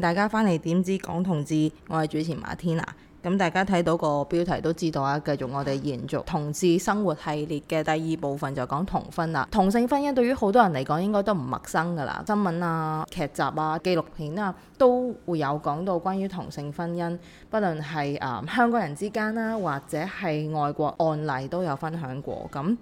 大家翻嚟點知講同志？我係主持馬天娜。咁大家睇到個標題都知道啊。繼續我哋延續同志生活系列嘅第二部分，就講同婚啦。同性婚姻對於好多人嚟講，應該都唔陌生㗎喇。新聞啊、劇集啊、紀錄片啊，都會有講到關於同性婚姻，不論係啊、嗯、香港人之間啦、啊，或者係外國案例都有分享過咁。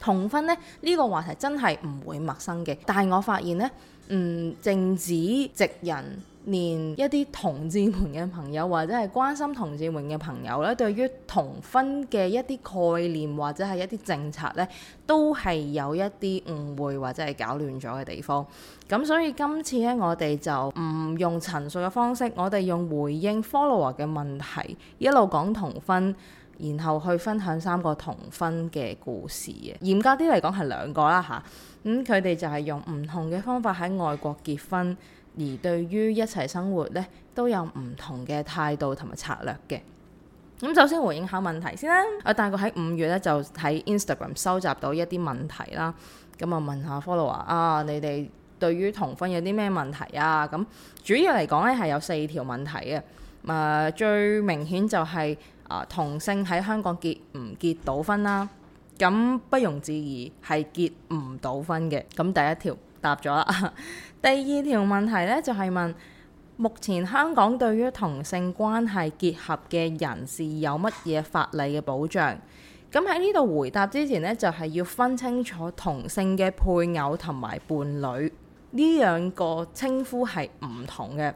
同婚咧呢、這個話題真係唔會陌生嘅，但係我發現呢，唔、嗯、淨止直人、連一啲同志們嘅朋友或者係關心同志們嘅朋友咧，對於同婚嘅一啲概念或者係一啲政策呢都係有一啲誤會或者係搞亂咗嘅地方。咁所以今次呢，我哋就唔用陳述嘅方式，我哋用回應 follower 嘅問題，一路講同婚。然後去分享三個同婚嘅故事嘅，嚴格啲嚟講係兩個啦吓，咁佢哋就係用唔同嘅方法喺外國結婚，而對於一齊生活呢，都有唔同嘅態度同埋策略嘅。咁、嗯、首先回應下問題先啦。我大概喺五月咧就喺 Instagram 收集到一啲問題啦，咁、嗯、啊問下 follower 啊，你哋對於同婚有啲咩問題啊？咁、嗯、主要嚟講呢，係有四條問題嘅。啊最明顯就係、是。啊，同性喺香港結唔結到婚啦？咁不容置疑係結唔到婚嘅。咁第一條答咗啦。 第二條問題呢，就係問，目前香港對於同性關係結合嘅人士有乜嘢法例嘅保障？咁喺呢度回答之前呢，就係要分清楚同性嘅配偶同埋伴侶呢兩個稱呼係唔同嘅。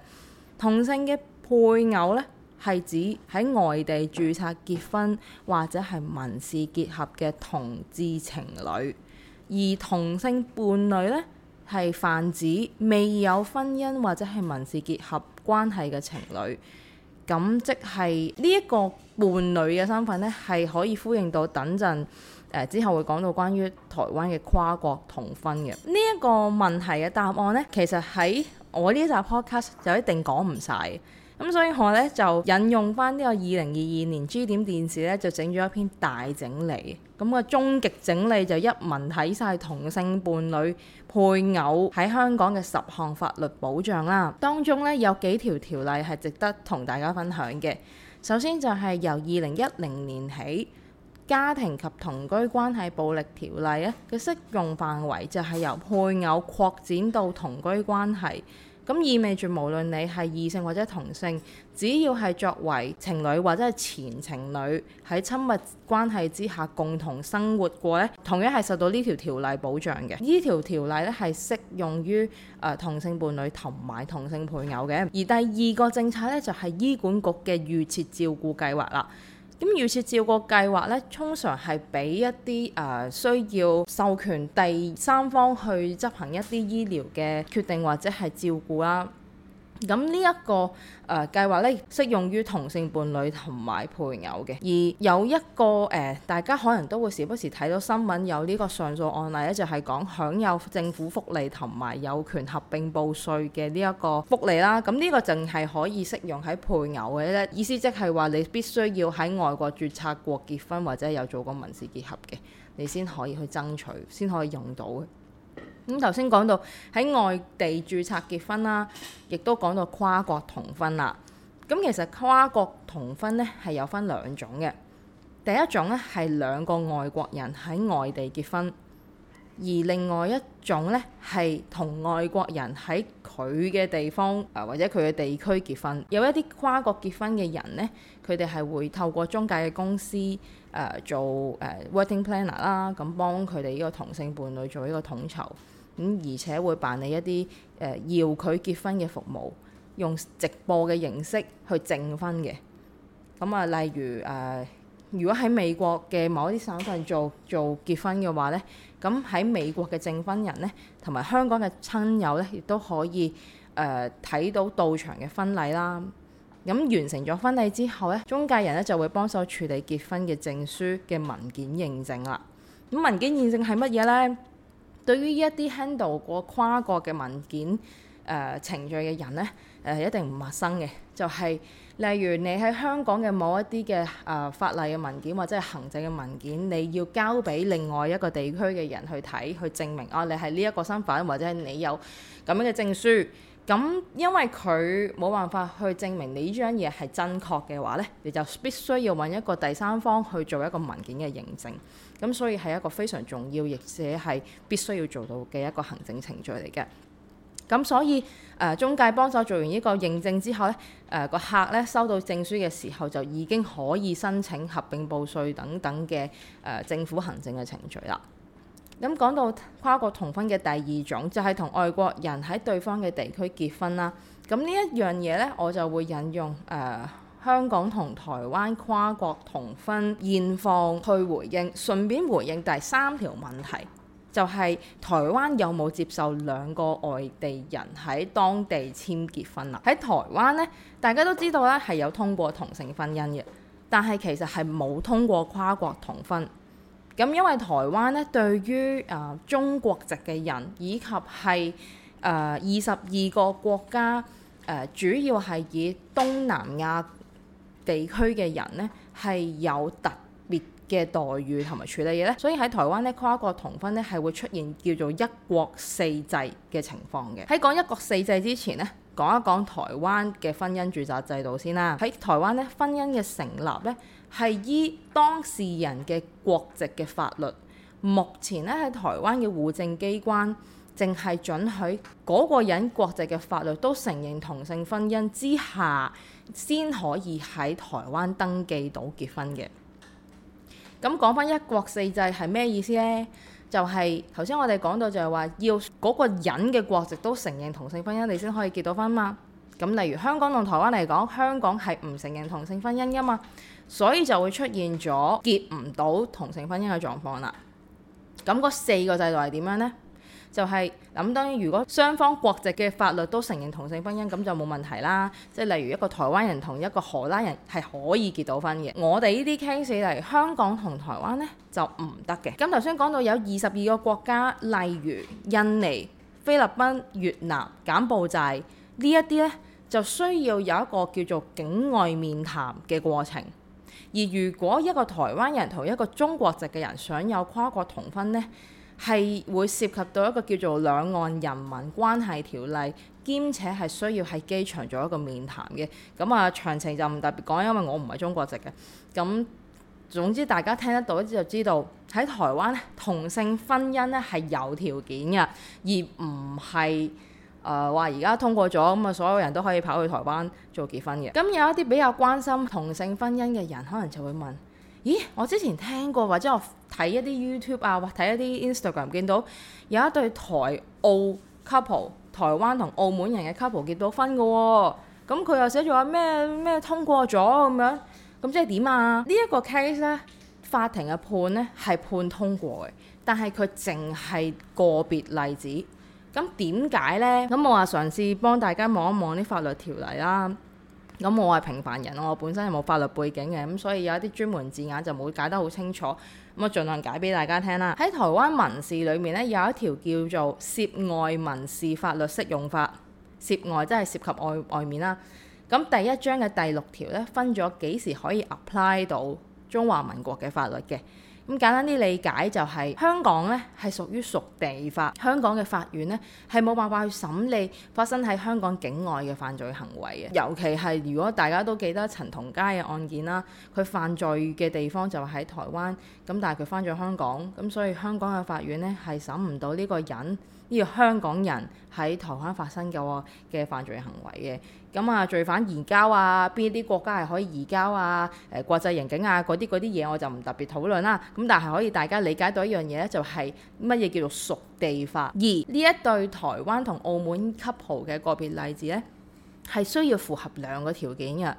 同性嘅配偶呢，係指喺外地註冊結婚或者係民事結合嘅同志情侶，而同性伴侶呢，係泛指未有婚姻或者係民事結合關係嘅情侶，咁即係呢一個伴侶嘅身份呢，係可以呼應到等陣誒之後會講到關於台灣嘅跨國同婚嘅呢一個問題嘅答案呢，其實喺我呢一集 podcast 就一定講唔晒。咁、嗯、所以我咧就引用翻呢個二零二二年 G 點電視咧，就整咗一篇大整理，咁個終極整理就一文睇晒同性伴侶配偶喺香港嘅十項法律保障啦。當中咧有幾條條例係值得同大家分享嘅。首先就係由二零一零年起，《家庭及同居關係暴力條例》咧嘅適用範圍就係由配偶擴展到同居關係。咁意味住，無論你係異性或者同性，只要係作為情侶或者係前情侶喺親密關係之下共同生活過咧，同樣係受到呢條條例保障嘅。呢條條例咧係適用於誒同性伴侶同埋同性配偶嘅。而第二個政策咧就係、是、醫管局嘅預設照顧計劃啦。咁預設照顧計劃呢，通常係俾一啲、呃、需要授權第三方去執行一啲醫療嘅決定，或者係照顧啦。咁、這個呃、呢一個誒計劃咧，適用於同性伴侶同埋配偶嘅。而有一個誒、呃，大家可能都會時不時睇到新聞有呢個上訴案例咧，就係、是、講享有政府福利同埋有權合並報稅嘅呢一個福利啦。咁、嗯、呢、這個淨係可以適用喺配偶嘅咧，意思即係話你必須要喺外國註冊過結婚或者有做過民事結合嘅，你先可以去爭取，先可以用到嘅。咁頭先講到喺外地註冊結婚啦、啊，亦都講到跨國同婚啦。咁其實跨國同婚咧係有分兩種嘅。第一種咧係兩個外國人喺外地結婚，而另外一種咧係同外國人喺佢嘅地方啊，或者佢嘅地區結婚。有一啲跨國結婚嘅人咧，佢哋係會透過中介嘅公司誒、呃、做誒 wedding planner 啦，咁、呃啊、幫佢哋呢個同性伴侶做呢個統籌。咁而且會辦理一啲誒要佢結婚嘅服務，用直播嘅形式去證婚嘅。咁、嗯、啊，例如誒、呃，如果喺美國嘅某一啲省份做做結婚嘅話呢，咁、嗯、喺美國嘅證婚人呢，同埋香港嘅親友呢，亦都可以誒睇、呃、到到場嘅婚禮啦。咁、嗯、完成咗婚禮之後呢，中介人呢就會幫手處理結婚嘅證書嘅文件認證啦。咁、嗯、文件認證係乜嘢呢？對於呢一啲 handle 過跨國嘅文件誒、呃、程序嘅人呢，誒、呃、一定唔陌生嘅，就係、是、例如你喺香港嘅某一啲嘅誒法例嘅文件或者係行政嘅文件，你要交俾另外一個地區嘅人去睇，去證明哦、啊，你係呢一個身份，或者你有咁樣嘅證書。咁因為佢冇辦法去證明你呢張嘢係真確嘅話呢，你就必須要揾一個第三方去做一個文件嘅認證。咁所以係一個非常重要，亦者係必須要做到嘅一個行政程序嚟嘅。咁所以誒、呃、中介幫手做完呢個認證之後呢，誒個、呃、客呢，收到證書嘅時候就已經可以申請合併報稅等等嘅誒、呃、政府行政嘅程序啦。咁講到跨國同婚嘅第二種，就係、是、同外國人喺對方嘅地區結婚啦。咁呢一樣嘢呢，我就會引用誒、呃、香港同台灣跨國同婚現況去回應，順便回應第三條問題，就係、是、台灣有冇接受兩個外地人喺當地簽結婚啊？喺台灣呢，大家都知道啦，係有通過同性婚姻嘅，但係其實係冇通過跨國同婚。咁因為台灣咧，對於啊、呃、中國籍嘅人以及係誒二十二個國家誒、呃，主要係以東南亞地區嘅人咧，係有特別嘅待遇同埋處理嘢。咧，所以喺台灣咧，跨國同婚咧係會出現叫做一國四制嘅情況嘅。喺講一國四制之前咧，講一講台灣嘅婚姻註冊制度先啦。喺台灣咧，婚姻嘅成立咧。係依當事人嘅國籍嘅法律，目前咧喺台灣嘅戶政機關，淨係准許嗰個人國籍嘅法律都承認同性婚姻之下，先可以喺台灣登記到結婚嘅。咁講返一國四制係咩意思呢？就係頭先我哋講到就係話，要嗰個人嘅國籍都承認同性婚姻，你先可以結到婚嘛。咁例如香港同台灣嚟講，香港係唔承認同性婚姻㗎嘛，所以就會出現咗結唔到同性婚姻嘅狀況啦。咁嗰四個制度係點樣呢？就係嗱，咁當然，如果雙方國籍嘅法律都承認同性婚姻，咁就冇問題啦。即係例如一個台灣人同一個荷蘭人係可以結到婚嘅。我哋呢啲 case 嚟香港同台灣呢，就唔得嘅。咁頭先講到有二十二個國家，例如印尼、菲律賓、越南、柬埔寨呢一啲呢。就需要有一個叫做境外面談嘅過程，而如果一個台灣人同一個中國籍嘅人想有跨國同婚呢係會涉及到一個叫做兩岸人民關係條例，兼且係需要喺機場做一個面談嘅。咁啊，詳情就唔特別講，因為我唔係中國籍嘅。咁總之大家聽得到就知道喺台灣同性婚姻呢係有條件嘅，而唔係。誒話而家通過咗，咁啊所有人都可以跑去台灣做結婚嘅。咁、嗯、有一啲比較關心同性婚姻嘅人，可能就會問：咦，我之前聽過或者我睇一啲 YouTube 啊，或睇一啲 Instagram 見到有一對台澳 couple，台灣同澳門人嘅 couple 結到婚嘅喎、哦。咁、嗯、佢又寫住話咩咩通過咗咁樣，咁即係點啊？呢、這、一個 case 呢，法庭嘅判呢係判通過嘅，但係佢淨係個別例子。咁點解呢？咁我話嘗試幫大家望一望啲法律條例啦。咁我係平凡人，我本身係冇法律背景嘅，咁所以有一啲專門字眼就冇解得好清楚。咁我盡量解俾大家聽啦。喺台灣民事裏面咧，有一條叫做涉外民事法律適用法。涉外即係涉及外外面啦。咁第一章嘅第六條咧，分咗幾時可以 apply 到中華民國嘅法律嘅。咁簡單啲理解就係香港咧係屬於屬地法，香港嘅法院咧係冇辦法去審理發生喺香港境外嘅犯罪行為嘅，尤其係如果大家都記得陳同佳嘅案件啦，佢犯罪嘅地方就喺台灣，咁但係佢返咗香港，咁所以香港嘅法院咧係審唔到呢個人。呢個香港人喺台灣發生嘅嘅犯罪行為嘅，咁啊罪犯移交啊，邊啲國家係可以移交啊？誒、呃、國際刑警啊，嗰啲嗰啲嘢我就唔特別討論啦。咁但係可以大家理解到一樣嘢咧，就係乜嘢叫做屬地法。而呢一對台灣同澳門 couple 嘅個別例子咧，係需要符合兩個條件嘅。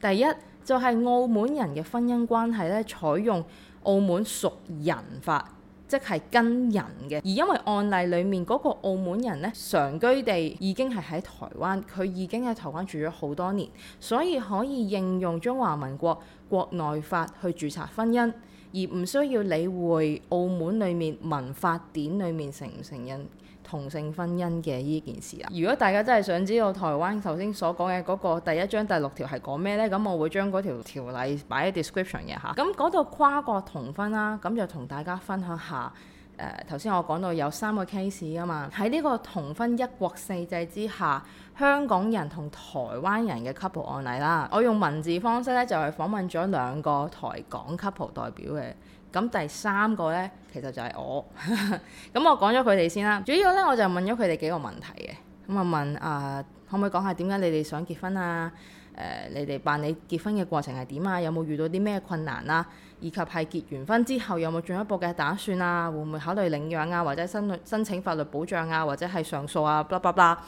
第一就係、是、澳門人嘅婚姻關係咧，採用澳門屬人法。即係跟人嘅，而因為案例裡面嗰、嗰個澳門人咧，常居地已經係喺台灣，佢已經喺台灣住咗好多年，所以可以應用中華民國國內法去註冊婚姻，而唔需要理會澳門裡面民法典裡面承唔承認。同性婚姻嘅呢件事啊，如果大家真係想知道台灣頭先所講嘅嗰個第一章第六條係講咩咧，咁我會將嗰條條例擺喺 description 嘅吓、嗯，咁嗰度跨國同婚啦、啊，咁就同大家分享下誒頭先我講到有三個 case 啊嘛，喺呢個同婚一國四制之下，香港人同台灣人嘅 couple 案例啦，我用文字方式咧就係、是、訪問咗兩個台港 couple 代表嘅。咁第三個呢，其實就係我。咁 我講咗佢哋先啦。主要呢，我就問咗佢哋幾個問題嘅。咁啊問啊、呃，可唔可以講下點解你哋想結婚啊？誒、呃，你哋辦理結婚嘅過程係點啊？有冇遇到啲咩困難啊？以及係結完婚之後有冇進一步嘅打算啊？會唔會考慮領養啊？或者申申請法律保障啊？或者係上訴啊？不啦不啦。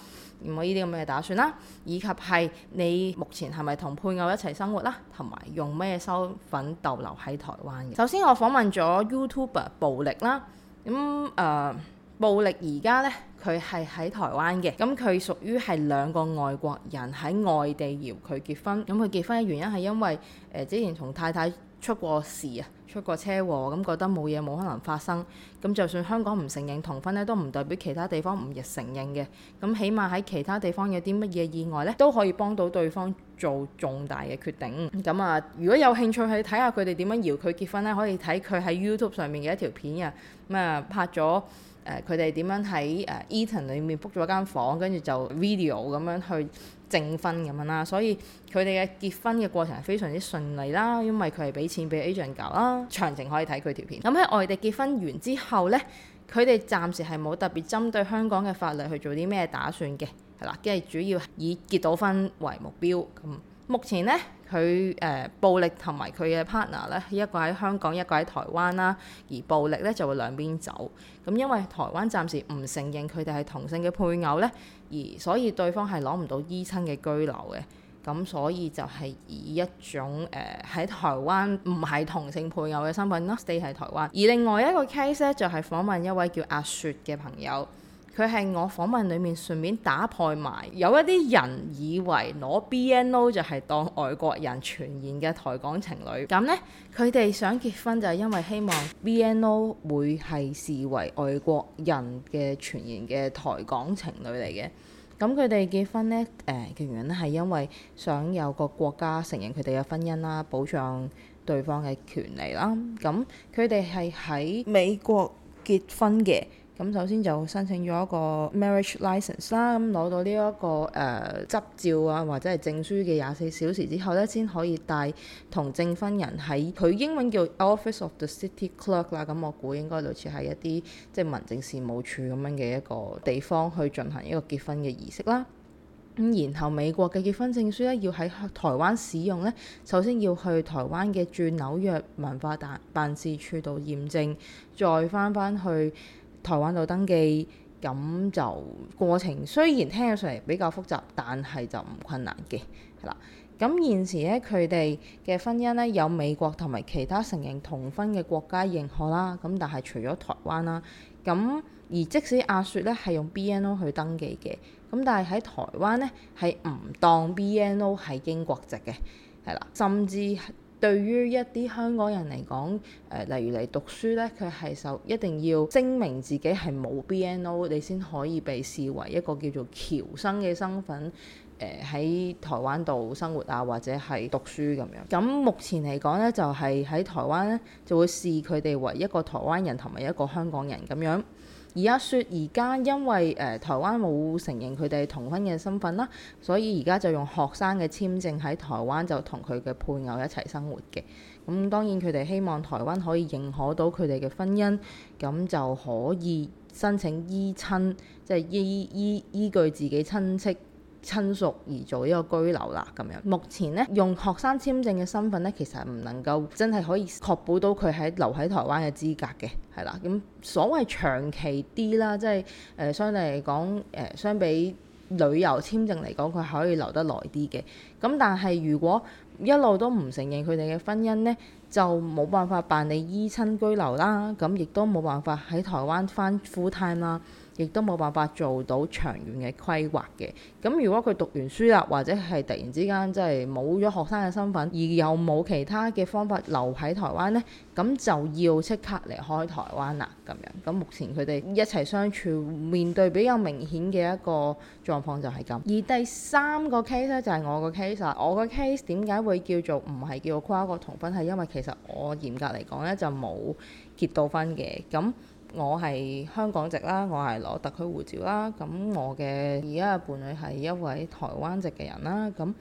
唔好呢啲咁嘅打算啦，以及係你目前係咪同配偶一齊生活啦，同埋用咩身份逗留喺台灣嘅。首先我訪問咗 YouTuber 暴力啦，咁誒、呃、暴力而家呢，佢係喺台灣嘅，咁佢屬於係兩個外國人喺外地搖佢結婚，咁佢結婚嘅原因係因為誒、呃、之前同太太。出過事啊，出過車禍咁，覺得冇嘢冇可能發生。咁就算香港唔承認同婚呢，都唔代表其他地方唔亦承認嘅。咁起碼喺其他地方有啲乜嘢意外呢，都可以幫到對方做重大嘅決定。咁啊，如果有興趣去睇下佢哋點樣遙距結婚呢，可以睇佢喺 YouTube 上面嘅一條片啊。咁啊，拍咗。誒佢哋點樣喺誒 Eton 裏面 book 咗間房，跟住就 video 咁樣去證婚咁樣啦，所以佢哋嘅結婚嘅過程係非常之順利啦，因為佢係俾錢俾 agent 搞啦，詳情可以睇佢條片。咁、嗯、喺外地結婚完之後呢，佢哋暫時係冇特別針對香港嘅法律去做啲咩打算嘅，係啦，即係主要以結到婚為目標咁。目前呢，佢誒、呃、暴力同埋佢嘅 partner 呢，一個喺香港，一個喺台灣啦。而暴力呢就會兩邊走。咁因為台灣暫時唔承認佢哋係同性嘅配偶呢，而所以對方係攞唔到依親嘅居留嘅。咁所以就係以一種誒喺、呃、台灣唔係同性配偶嘅身份，not stay 喺台灣。 而另外一個 case 呢，就係、是、訪問一位叫阿雪嘅朋友。佢係我訪問裡面順便打破埋，有一啲人以為攞 BNO 就係當外國人傳言嘅台港情侶，咁呢，佢哋想結婚就係因為希望 BNO 會係視為外國人嘅傳言嘅台港情侶嚟嘅，咁佢哋結婚呢誒嘅、呃、原因咧係因為想有個國家承認佢哋嘅婚姻啦，保障對方嘅權利啦，咁佢哋係喺美國結婚嘅。咁首先就申請咗一個 marriage license 啦、這個，咁攞到呢一個誒執照啊，或者係證書嘅廿四小時之後咧，先可以帶同證婚人喺佢英文叫 Office of the City Clerk 啦。咁、嗯、我估應該類似係一啲即係民政事務處咁樣嘅一個地方去進行一個結婚嘅儀式啦。咁、嗯、然後美國嘅結婚證書咧要喺台灣使用咧，首先要去台灣嘅駐紐約文化辦辦事處度驗證，再返返去。台灣度登記，咁就過程雖然聽起上嚟比較複雜，但係就唔困難嘅，係啦。咁現時咧，佢哋嘅婚姻咧有美國同埋其他承認同婚嘅國家認可啦。咁但係除咗台灣啦，咁而即使阿雪咧係用 BNO 去登記嘅，咁但係喺台灣咧係唔當 BNO 係英國籍嘅，係啦，甚至對於一啲香港人嚟講，誒、呃、例如嚟讀書呢，佢係受一定要證明自己係冇 BNO，你先可以被視為一個叫做僑生嘅身份，喺、呃、台灣度生活啊，或者係讀書咁樣。咁、嗯、目前嚟講呢，就係、是、喺台灣呢，就會視佢哋為一個台灣人同埋一個香港人咁樣。而家説，而家因為誒、呃、台灣冇承認佢哋同婚嘅身份啦，所以而家就用學生嘅簽證喺台灣就同佢嘅配偶一齊生活嘅。咁當然佢哋希望台灣可以認可到佢哋嘅婚姻，咁就可以申請依親，即係依依依、依、依據自己親戚。親屬而做呢個居留啦，咁樣目前咧用學生簽證嘅身份咧，其實唔能夠真係可以確保到佢喺留喺台灣嘅資格嘅，係啦。咁、嗯、所謂長期啲啦，即係誒、呃、相對嚟講誒、呃、相比旅遊簽證嚟講，佢可以留得耐啲嘅。咁、嗯、但係如果一路都唔承認佢哋嘅婚姻呢，就冇辦法辦理依親居留啦。咁、嗯、亦都冇辦法喺台灣返 full time 啦。亦都冇辦法做到長遠嘅規劃嘅。咁如果佢讀完書啦，或者係突然之間即係冇咗學生嘅身份，而又冇其他嘅方法留喺台灣呢，咁就要即刻離開台灣啦。咁樣咁，目前佢哋一齊相處，面對比較明顯嘅一個狀況就係咁。而第三個 case 咧就係、是、我個 case 啦。我個 case 點解會叫做唔係叫做跨國同婚？係因為其實我嚴格嚟講呢，就冇結到婚嘅。咁我係香港籍啦，我係攞特區護照啦。咁我嘅而家嘅伴侶係一位台灣籍嘅人啦。咁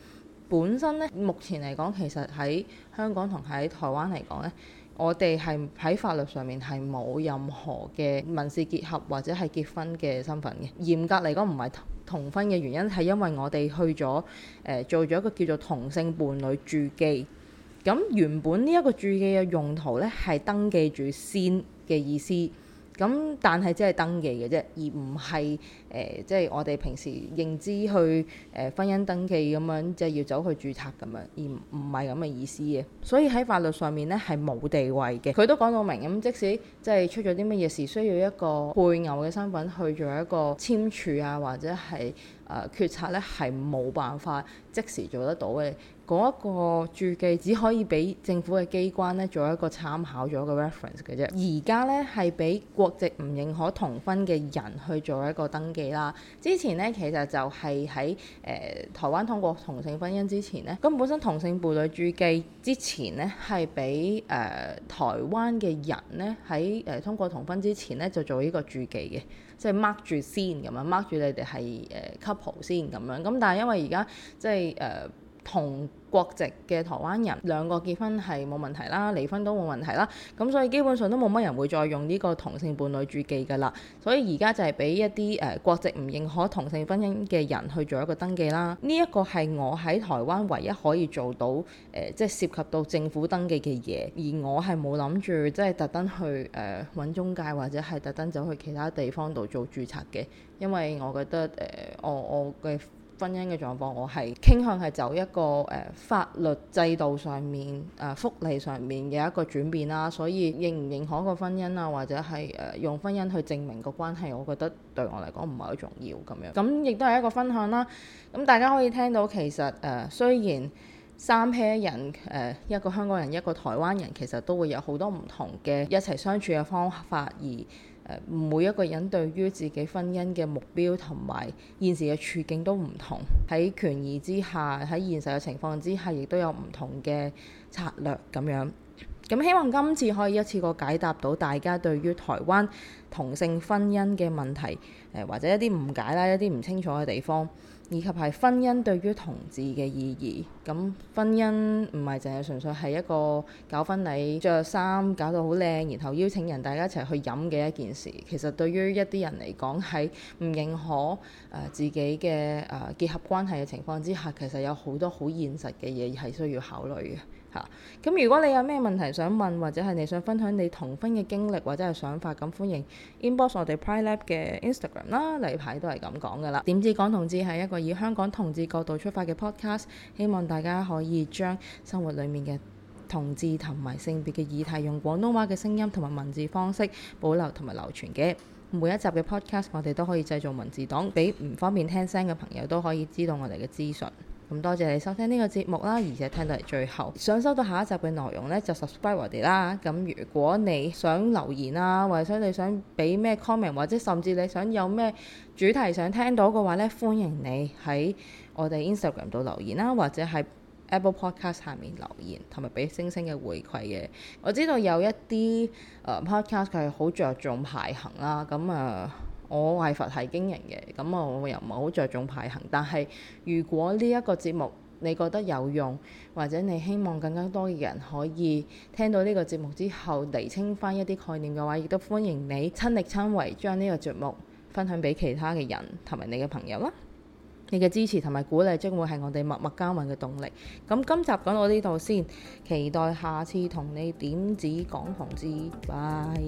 本身呢，目前嚟講，其實喺香港同喺台灣嚟講呢，我哋係喺法律上面係冇任何嘅民事結合或者係結婚嘅身份嘅。嚴格嚟講，唔係同婚嘅原因係因為我哋去咗誒、呃、做咗一個叫做同性伴侶註記。咁原本呢一個註記嘅用途呢，係登記住先嘅意思。咁，但係即係登記嘅啫，而唔係。誒、呃，即係我哋平時認知去誒、呃、婚姻登記咁樣，即係要走去註冊咁樣，而唔係咁嘅意思嘅。所以喺法律上面咧係冇地位嘅。佢都講到明，咁即使即係出咗啲乜嘢事，需要一個配偶嘅身份去做一個簽署啊，或者係誒、呃、決策咧，係冇辦法即時做得到嘅。嗰、那、一個註記只可以俾政府嘅機關咧做一個參考，做一個 reference 嘅啫。而家咧係俾國籍唔認可同婚嘅人去做一個登記。啦，之前咧其實就係喺誒台灣通過同性婚姻之前咧，咁本身同性伴侶註記之前咧係俾誒台灣嘅人，咧喺誒通過同婚之前咧就做呢個註記嘅，就是，即係 mark 住先咁樣，mark 住你哋係誒 couple 先咁樣。咁但係因為而家即係誒。同國籍嘅台灣人兩個結婚係冇問題啦，離婚都冇問題啦，咁所以基本上都冇乜人會再用呢個同性伴侶註記㗎啦。所以而家就係俾一啲誒、呃、國籍唔認可同性婚姻嘅人去做一個登記啦。呢一個係我喺台灣唯一可以做到誒、呃，即係涉及到政府登記嘅嘢，而我係冇諗住即係特登去誒搵、呃、中介或者係特登走去其他地方度做註冊嘅，因為我覺得誒、呃、我我嘅。婚姻嘅狀況，我係傾向係走一個誒、呃、法律制度上面誒、呃、福利上面嘅一個轉變啦，所以認唔認可個婚姻啊，或者係誒、呃、用婚姻去證明個關係，我覺得對我嚟講唔係好重要咁樣。咁、嗯、亦都係一個分享啦。咁、嗯、大家可以聽到其實誒、呃，雖然三 pair 人誒、呃、一個香港人，一個台灣人，其實都會有好多唔同嘅一齊相處嘅方法而。誒每一個人對於自己婚姻嘅目標同埋現時嘅處境都唔同，喺權宜之下，喺現實嘅情況之下，亦都有唔同嘅策略咁樣。咁、嗯、希望今次可以一次過解答到大家對於台灣同性婚姻嘅問題，誒、呃、或者一啲誤解啦，一啲唔清楚嘅地方，以及係婚姻對於同志嘅意義。咁、嗯、婚姻唔係淨係純粹係一個搞婚禮着衫，搞到好靚，然後邀請人大家一齊去飲嘅一件事。其實對於一啲人嚟講，喺唔認可誒、呃、自己嘅誒、呃、結合關係嘅情況之下，其實有好多好現實嘅嘢係需要考慮嘅。咁、啊，如果你有咩問題想問，或者係你想分享你同婚嘅經歷或者係想法，咁歡迎 inbox 我哋 PrideLab 嘅 Instagram 啦。例牌都係咁講噶啦。點知港同志係一個以香港同志角度出發嘅 podcast，希望大家可以將生活裡面嘅同志同埋性別嘅議題，用廣東話嘅聲音同埋文字方式保留同埋流傳嘅。每一集嘅 podcast，我哋都可以製造文字檔，俾唔方便聽聲嘅朋友都可以知道我哋嘅資訊。咁多謝你收聽呢個節目啦，而且聽到係最後，想收到下一集嘅內容呢，就 subscribe 我哋啦。咁如果你想留言啦、啊，或者你想俾咩 comment，或者甚至你想有咩主題想聽到嘅話呢，歡迎你喺我哋 Instagram 度留言啦、啊，或者喺 Apple Podcast 下面留言，同埋俾星星嘅回饋嘅。我知道有一啲、呃、podcast 佢係好着重排行啦，咁啊。呃我為佛系經營嘅，咁我又唔係好着重排行。但係如果呢一個節目你覺得有用，或者你希望更加多嘅人可以聽到呢個節目之後釐清翻一啲概念嘅話，亦都歡迎你親力親為將呢個節目分享俾其他嘅人同埋你嘅朋友啦。你嘅支持同埋鼓勵將會係我哋默默耕耘嘅動力。咁今集講到呢度先，期待下次同你點止講同志。拜拜。